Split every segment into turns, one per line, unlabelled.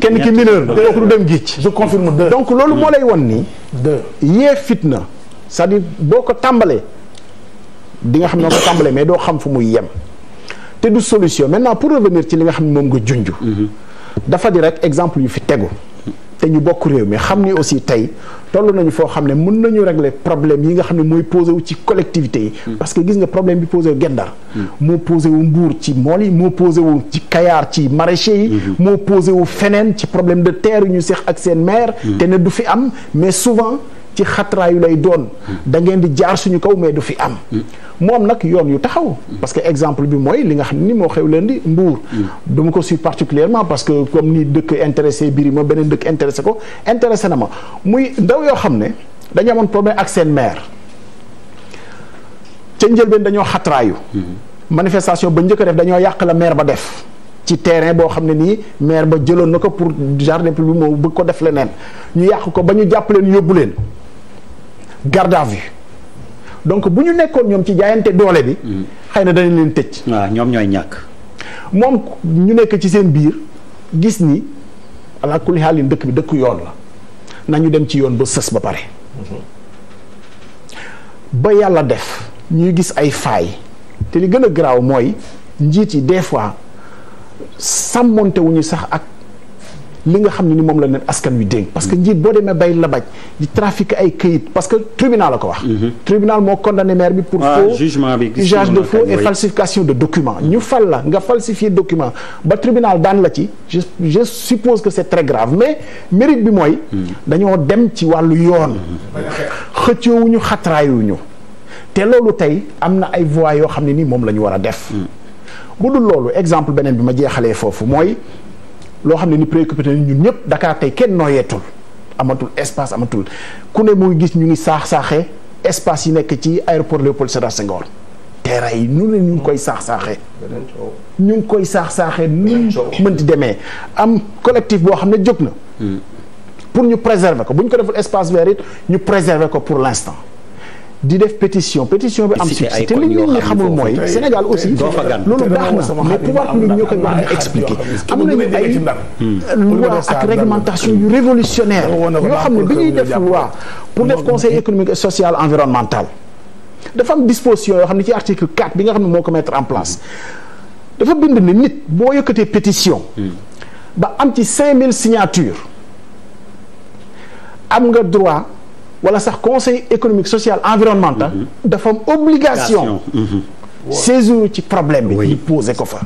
kenn ki mineur la kooku du dem
géej. je confirme donc loolu moo lay won ni. deux yee fitna cest à boo ko tàmbalee di nga xam ne ko tàmbalee mais doo xam fu muy yem. te du solution maintenant pour revenir ci li nga xam ne moom nga junj. Mhm. dafa di rek exemple yu fi tegu. te ñu bokk réew mi xam ni aussi tey toll nañu foo xam ne mën nañu régler problème yi nga xam ne mooy posé wu ci collectivité yi. Mm. parce que gis nga problème bi posé wu Gendar. Mm. moo posé wu ci mool yi moo posé ci Kayar ci maraîchers yi. Mm-hmm. moo posé wu feneen ci problème de terre ñu seex ak seen maire. Mm. te ne du fi am mais souvent. ci xatraayu lay doon da ngeen di jaar suñu kaw mais du fi am moom nag yoon yu taxaw parce que exemple bi mooy li nga xam ne nii moo xew leen di mbuur dama ko suivre particulièrement parce que comme nii dëkk intéressé biri ma beneen dëkk intéressé ko intéressé na ma muy ndaw yoo xam ne dañu amoon problème ak seen maire ca njëlbeen dañoo xatraayu manifestation ba njëkk def dañoo yàq la maire ba def ci terrain boo xam ne nii maire ba jëloon na ko pour jardin public moo bëgg ko def leneen ñu yàq ko ba ñu jàpp yóbbu leen garde à vue donc bu ñu nekkoon ñoom ci jaayante doole bi. Mm. xëy na danañ leen tëj. waaw ñoom ñooy ñàkk. moom ñu nekk ci seen biir gis ni ala kulli xaalin dëkk bi dëkk yoon la nañu dem ci yoon ba sës ba pare. Mm-hmm. ba yàlla def ñuy gis ay faay te li gën a garaaw mooy njiit yi des fois sàmmonte sax ak. li nga xam ne ni moom la leen askan wi dénk parce que njiit boo demee bay la baj di trafic ay këyit parce que tribunal la ko wax mhm. tribunal moo condamné maire bi pour ah, faux usage de faux et falsification de documents ñu fal la nga falsifier document ba tribunal daan la ci je suppose que c'est très mais mérite bi mooy mhm. dañoo dem ci wàllu yoon mhm. xëccoowuñu xatraayuñu te loolu tey am na ay voies yoo xam ne nii moom la ñu war a def bu dul loolu exemple beneen bi ma jeexalee foofu mooy loo xam ne ni préoccupé ñun ñëpp Dakar tey kenn nooyeetul amatul espace amatul ku ne mooy gis ñu ngi saax saaxee espace yi nekk ci aéroport Léopold Sédar Senghor terrain yi nu ne ñu ngi koy saax saaxee. ñu ngi koy saax saaxee nu mënti demee am collectif boo xam ne jóg na. Hmm. pour ñu préserver ko bu ñu ko deful espace vert ñu préserver ko pour l'instant. di def pétition pétition bi am succès te mooy Sénégal aussi loolu baax na mais pouvoir public ñoo koy war a expliquer am nañu ay loi ak réglementation xam ne bi ñuy def loi pour def conseil économique et social environnemental dafa am disposition yoo xam ne ci article 4 bi nga xam ne moo ko mettre en place dafa bind ne nit boo yëkkatee pétition ba am ci 5000 signatures am nga droit wala sax conseil économique social environnemental. Mhm. dafa am obligation. Mhm. saisir ci problème bi. ñu posé ko fa.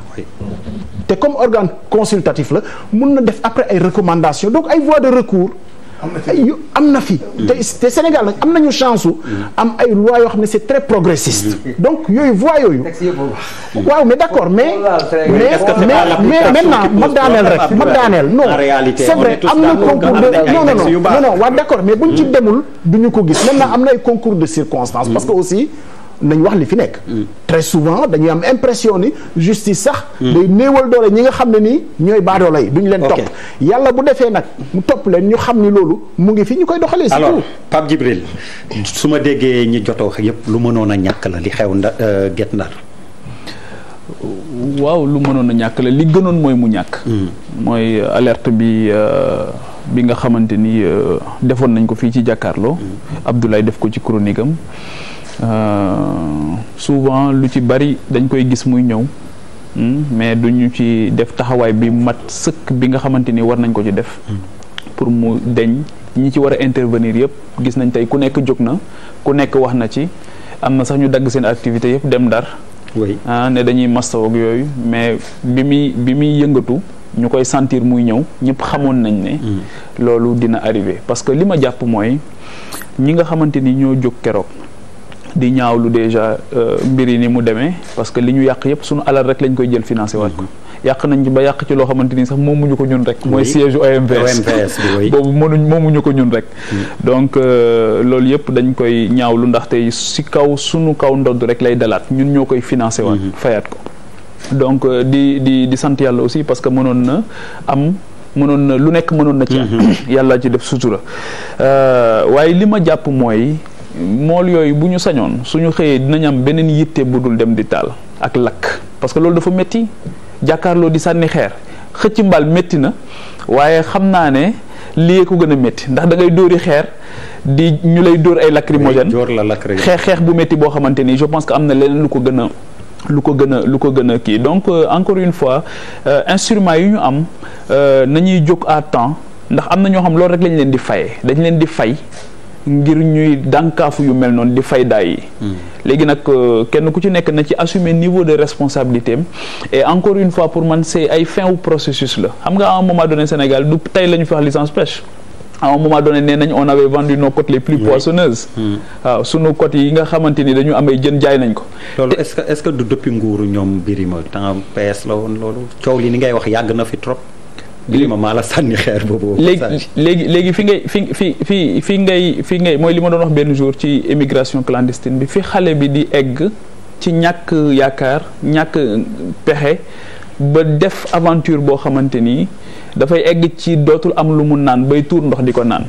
te comme organe consultatif la mun na def après ay recommandations donc ay voies de recours. yu am na fi mm. te Sénégal nag am nañu chance mm. am ay loi yoo xam ne c'est très progressiste mm. donc yooyu voie yooyu waaw mais d'accord mais mais maintenant ma daaneel rek ma daaneel non c'est am na concours de non non non non waaw am na ay concours de circonstances parce que aussi nañ wax li fi nekk. Mm. très souvent dañuy am impression ni justice sax. Mm. day néewal doole ñi nga xam ne nii ñooy baadoola yi duñ leen topp. yàlla bu defee nag mu topp leen ñu xam ni loolu mu ngi fi ñu koy doxalee. alors Pape Djibril su ma déggee ñi jotoo yëpp lu mënoon a ñàkk la li xew nda euh, Guet Ndar.
waaw lu mënoon a ñàkk la li gënoon mooy mu ñàkk. Mm. mooy alerte bi. Euh, bi nga xamante ni euh, defoon nañ ko fii ci jàkkaarloo Abdoulaye def ko ci chronique am Euh, souvent lu ci bari dañ koy gis muy ñëw hmm, mais duñu ci def taxawaay bi mat sëkk bi nga xamante ni war nañ ko ci def hmm. pour mu deñ ñi ci war a intervenir yëpp gis nañ tey ku nekk jóg na ku nekk wax na ci am na sax ñu dagg seen activité yëpp dem Ndar ah ne dañuy mastaw ak yooyu mais bi muy bi muy yëngatu ñu koy sentir muy ñëw ñëpp xamoon nañ ne hmm. loolu dina arrivé parce que li ma jàpp mooy ñi nga xamante ni ñoo jóg keroog di ñaawlu déjà euh, mbir yi ni mu demee parce que li ñu yàq yëpp suñu alal rek lañ koy jël financé waat ko mm-hmm. yàq nañ ba yàq ci loo xamante ni sax moomuñu ko ñun rek mooy siège OMVS boobu mënuñ moomuñu ko ñun rek mm-hmm. donc euh, loolu yëpp dañ koy ñaawlu ndaxte si kaw suñu kaw ndodd rek lay dalaat ñun ñoo koy financé waat mm-hmm. fayaat ko donc euh, di di di sant yàlla aussi parce que mënoon na am mënoon na lu nekk mënoon na ci yàlla ci def sutura waaye li ma jàpp mooy mool yooyu bu ñu sañoon suñu xëyee dinañ am beneen yitte bu dul dem di taal ak lakk parce que loolu dafa métti jàkkaarloo di sànni xeer xëcc mbal métti na waaye xam naa ne lii ko gën a métti ndax dangay ngay dóori xeer di ñu lay dóor ay lacrymogène xeex xeex bu métti boo xamante ni je pense que am na leneen lu ko gën a lu ko gën a lu ko gën a kii donc euh, encore une fois euh, yu ñu am euh, nañuy jóg à temps ndax am na ñoo xam loolu rek lañ leen di fayee dañ leen di fay ngir ñuy dànkaafu yu mel noonu di fayda yi. Hmm. léegi nag euh, kenn ku ci nekk na ci assumer niveau de responsabilité am et encore une fois pour man c'est ay fin wu processus la xam nga à un moment donné Sénégal du tey lañu ñu fi wax licence pêche. à moment donné nee nañ on avait vendu nos côtes les plus poissonneuses. Hmm. waaw sunu côtes yi nga xamante ni dañu amee jën jaay nañ ko. loolu est-ce que est-ce que du depuis nguuru ñoom Birima temps PS la woon loolu coow li ni ngay wax yàgg na fi Birima la sànni
xeer boobu. léegi
léegi léegi fi ngay fi fi fi fi ngay fi ngay mooy li ma doon wax benn jour ci émigration clandestine bi fi xale bi di egg ci ñàkk yaakaar ñàkk pexe ba def aventure boo xamante ni dafay egg ci dootul am lu mu naan bay tour ndox di ko naan.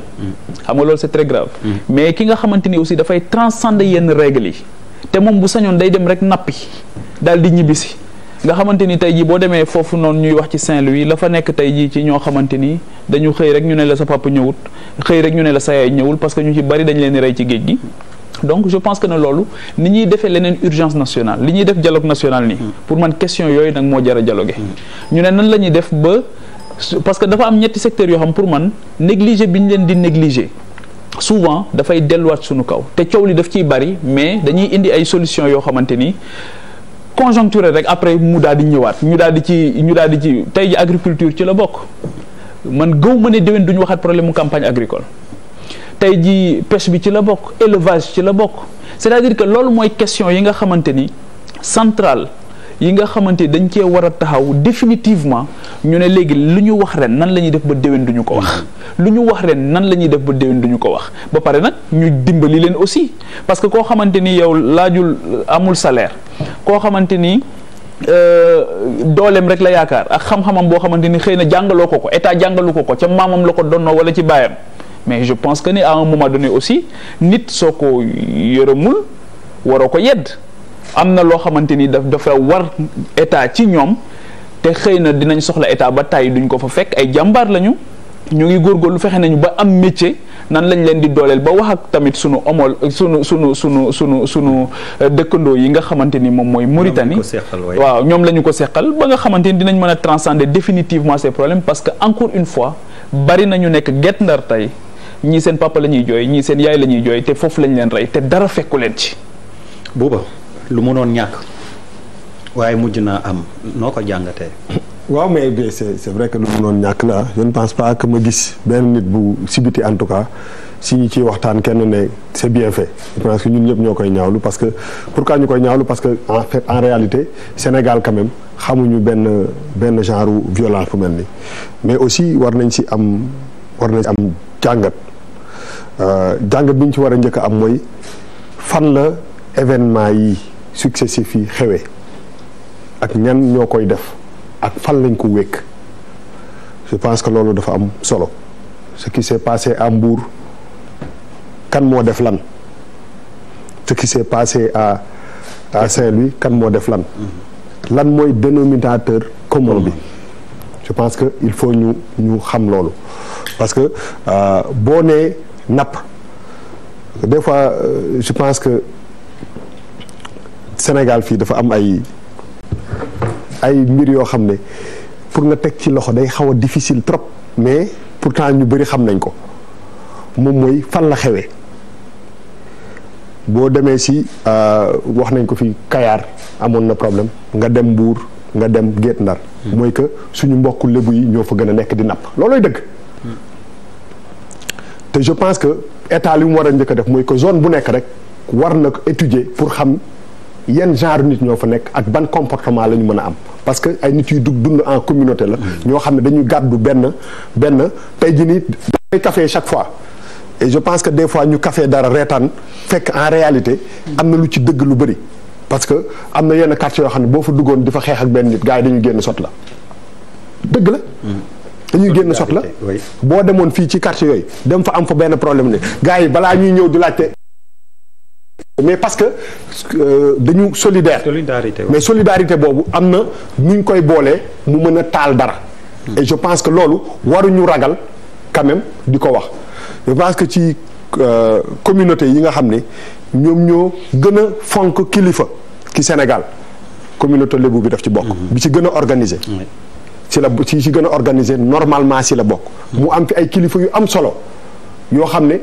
xam nga loolu c'est très grave. Mm. mais ki nga xamante ni aussi dafay transcender yenn régle yi te moom bu sañoon day dem rek nappi daal di ñibbisi. nga xamante ni tey jii boo demee foofu noonu ñuy wax ci Saint-Louis la fa nekk tey jii ci ñoo xamante ni dañu xëy rek ñu ne la sa papa ñëwut xëy rek ñu ne la sa yaay ñëwul parce que ñu ci bari dañ leen di rey ci géej gi je pense que ne loolu ni ñuy defee leneen urgence nationale li ñuy def dialogue national nii pour man question yooyu nag moo jara a ñu ne nan la ñuy def ba parce que dafa am ñetti secteurs yoo xam pour man négligé bi ñu leen di négligé souvent dafay delluwaat suñu kaw te coow li daf ciy bari mais dañuy indi ay solution yoo xamante ni conjoncturel rek après mu daal di ñëwaat ñu daal di ci ñu daal di ci tey ji agriculture ci la bokk man gëw ma ne déwén duñu ñu waxaat problème mu campagne agricole tey ji pêche bi ci la bokk élevage ci la bokk cest à que loolu mooy question yi nga xamante ni centrale yi nga xamante dañ cee war a taxaw définitivement ñu ne léegi lu ñu wax ren nan la ñuy def ba déwén duñu ko wax lu ñu wax reen nan la ñuy def ba déwén duñu ko wax ba pare nag ñu dimbali leen aussi parce que koo xamante ni yow laajul amul salaire koo xamante ni euh, dooleem rek la yaakaar ak xam-xamam xamante ni xëy na jàngaloo ko ko état jàngalu ko ko ca maamam la ko donnoo wala ci baayam mais je pense que ni à un moment donné aussi nit soo ko yërëmul waroo ko yedd am na loo xamante ni daf dafa war état ci ñoom te xëy na dinañ soxla état ba tàyyi duñ ko fa fekk ay jàmbaar lañu ñu ngi góorgóorlu fexe nañu ba am métier nan lañu leen di dooleel ba wax ak tamit sunu omol sunu sunu sunu sunu sunu euh, dëkkandoo yi nga xamante ni moom mooy Mauritanie waaw ñoom la ñu ko seqal ba nga xamante ni dinañ mën a transcender définitivement ces problèmes parce que encore une fois bari nañu nekk Guet Ndar tey ñii seen papa la ñuy jooy ñii seen yaay la ñuy jooy te foofu lañ leen rey dara fekku leen ci buuba lu mu mënoon ñàkk
waaye mujj naa am noo ko jàngatee.
waaw mais c'est c'est vrai que lu mënoon ñàkk la je ne pense pas que ma gis benn nit bu sibiti en tout cas si ñu ciy waxtaan kenn ne c'est bien fait je pense que ñun ñëpp ñoo koy ñaawlu parce que pour pourquoi ñu koy ñaawlu parce que en fait en réalité Sénégal quand xamuñu benn benn genre violence bu mel ni mais aussi war nañ si am war nañ am jàngat euh, jàngat bi ñu ci war a njëkk am mooy fan la événement yi. successif yi xewee ak ñan ñoo koy def ak fan lañ ko wékk je pense que loolu dafa am solo ce qui s'est passé à Mbour kan moo def lan ce qui s'est passé à à Saint-Louis kan moo def lan lan mooy dénominateur common bi je pense que il faut ñu ñu xam loolu parce que euh, boo nee napp des euh, je pense que Sénégal fii dafa am ay ay mbir yoo xam ne pour nga teg ci loxo day xaw a difficile trop mais pourtant ñu bëri xam nañ ko moom mooy fan la xewee boo demee si euh, wax nañ ko fi Kayar amoon na problème nga dem Mbuur nga dem Géet Ndar hmm. mooy que suñu mbokku lébu yi ñoo fa gën a nekk di napp loolooy dëgg hmm. te je pense que état li mu war a njëkk def mooy que zone bu nekk rek war na ko pour xam yenn genre nit ñoo fa nekk ak ban comportement la ñu mën a am parce que ay nit yuy dug dund en communauté la ñoo xam ne dañuy gàddu benn benn tey ji nii dafay café chaque fois je pense que des fois ñu café dara reetaan fekk en réalité am na lu ci dëgg lu bëri parce que am na yenn quartier yoo xam ne boo fa duggoon di fa xeex ak benn nit gars yi dañuy génn sot la dëgg la dañuy génn sot la boo demoon fii ci quartier yooyu dem fa am fa benn problème ne gars yi balaa ñuy ñëw di mais parce que euh, dañu solidaire. solidarité mais solidarité boobu am na nuñ koy boolee mu mën a taal dara. je pense que loolu waruñu ragal quand même di ko wax je pense que ci euh, communauté yi nga xam ne ñoom ñoo gën a fonk kilifa ci Sénégal communauté lébu bi daf ci bokk. Mm-hmm. bi ci gën a organisé. ci la ci ci gën a organisé normalement si la bokk. mu am fi ay kilifa yu am solo yoo xam ne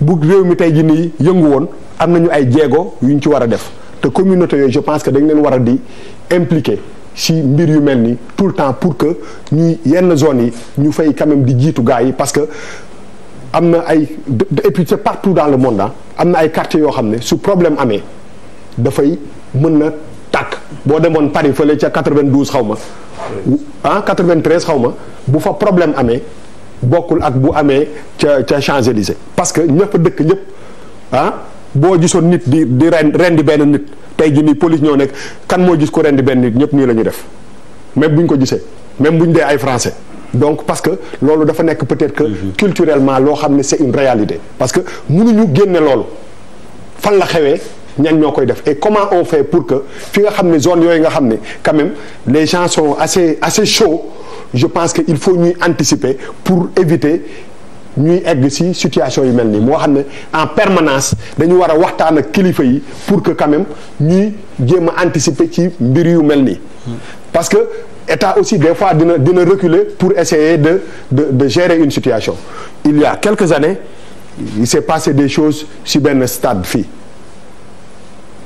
bu réew mi tey jii nii yëngu woon. am nañu ay jéego yu ñu ci war a def te communauté yooyu je pense que dañ leen war a di impliqué si mbir yu mel ni tout le temps pour que ñu yenn zone yi ñu fay quand di jiitu gars yi parce que am na ay et puis c'est partout dans le monde ah am na ay quartiers yoo xam ne su problème amee dafay mën na tàkk boo demoon Paris fële ca 92 xaw ma ah 93 xaw ma bu fa problème amee bokkul ak bu amee ca ca champs parce que ña dëkk ñëpp boo gisoon nit di di ren rendi benn nit tey jii nii police ñoo nekk kan moo gis ko rendi benn nit ñëpp nii la ñuy def même bu ñu ko gisee même bu ñu dee ay français. donc parce que loolu dafa nekk peut-être que. Mhm. culturellement loo xam ne c'est une réalité. parce que munu ñu génne loolu fan la xewee ñan ñoo koy def et comment on fait pour que fi nga xam ne zone yooyu nga xam ne quand même les gens sont assez assez chauds je pense que il faut ñuy anticiper pour éviter. ñuy egg ci situation yu mel nii moo xam ne en permanence dañu war a waxtaan ak kilifa yi pour que quand même ñuy jéem a anticiper ci mbir yu mel nii. parce que état aussi des fois dina dina reculer pour essayer de de de gérer une situation. il y a quelques années il s'est passé des choses si benn stade fii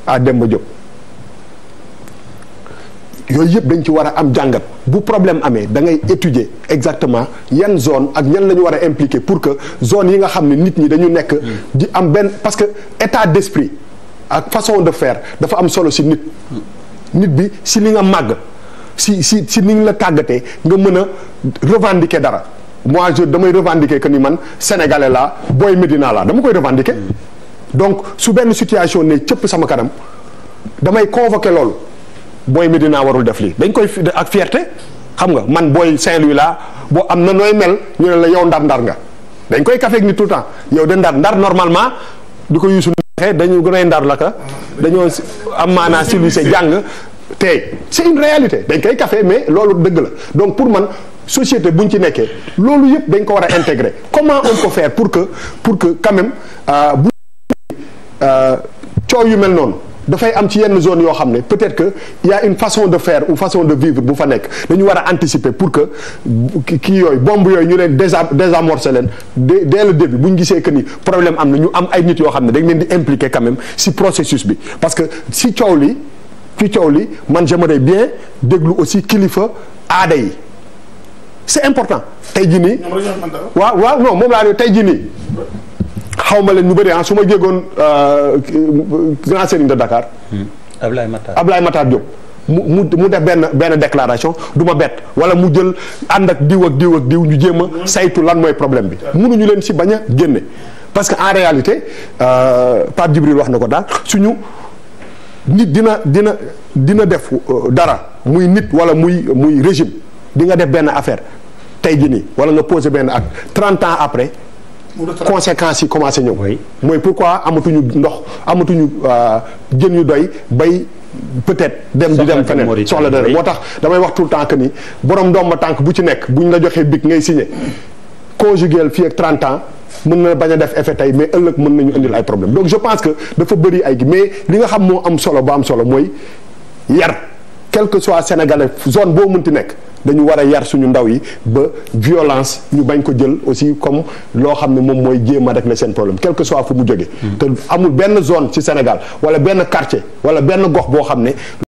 à Demba Diop. yooyu yëpp dañ ci war a am jàngat bu problème amee da ngay étudier exactement yan zone ak ñan la ñu war a impliquer pour que zone yi nga xam ne nit ñi dañu nekk. di am benn parce que état d'esprit ak façon de faire dafa am solo si nit. nit bi si li nga màgg si si ci ni nga la tàggatee nga mën a revendiquer dara mois je damay revendiquer que ni man sénégalais laa booy Médina laa dama koy revendiquer. Mm. donc su benn situation ne cëpp sama kanam damay convoquer loolu. booy naa warul def lii dañ koy ak fierté xam nga man booy Saint-Louis laa boo am na nooy mel ñu ne la yow ndar ndar nga dañ koy kafeeg ni tout le temps yow de ndar ndar normalement du ko yuusu neexee dañu gën ay ndar la ka dañoo am maanaa jàng tey c'est une réalité dañ koy kafe mais loolu dëgg la donc pour man société bu ñu ci nekkee loolu yëpp dañ ko war a intégrer comment on peut faire pour que pour que quand même euh, bu euh, coow yu mel noonu dafay am ci yenn zone yoo xam ne peut-être que il une façon de faire ou façon de vivre bu fa nekk dañu war a anticiper pour que kii yooyu bombe yooyu ñu leen désam désamorcer leen dès dès le début bu ñu gisee que ni problème am na ñu am ay nit yoo xam ne dañ leen di impliquer quand même si processus bi parce que si coow li ci coow li man j'aimerais bien déglu aussi kilifa aada yi c'est important tey ji nii waaw waaw non moom laa ne tey jii nii xaw ma leen ñu bëri ah su ma jégoon euh, grand sëriñ de Dakar.
Hmm. Ablaye Matar
Ablaye Matar Diop. mu mu mu def benn benn déclaration du ma bett wala mu jël ànd ak diw ak diw ak diw ñu jéem a saytu lan mooy problème bi. mënuñu leen si bañ a génne parce que en réalité euh, Pape Djibril wax na ko daal suñu nit dina dina dina def euh, dara muy nit wala muy muy régime di nga def benn affaire tey jii nii wala nga posé benn ak 30 ans après. conséquences yi commencé ñëw. mooy pourquoi amatuñu ndox amatuñu euh, jën yu doy bay. peut-être dem di dem feneen soxla dana moo tax damay wax tout le temps que ni borom ndomba tànk bu ci nekk bu ñu la joxee big ngay signé conjuguel fii ak 30 ans mën na bañ a def effet tey mais ëllëg mën nañu indil ay problème donc je pense que dafa bari ay gi mais li nga xam moo am solo ba am solo mooy yar quel que soit sénégalais zone boo mënti nekk dañu war a yar suñu ndaw yi ba violence ñu bañ ko jël aussi comme loo xam ne moom mooy jéem a régler seen problème quel que soit fu mu jógee. Mm. te amul benn zone ci Sénégal wala benn quartier wala benn gox boo xam ne.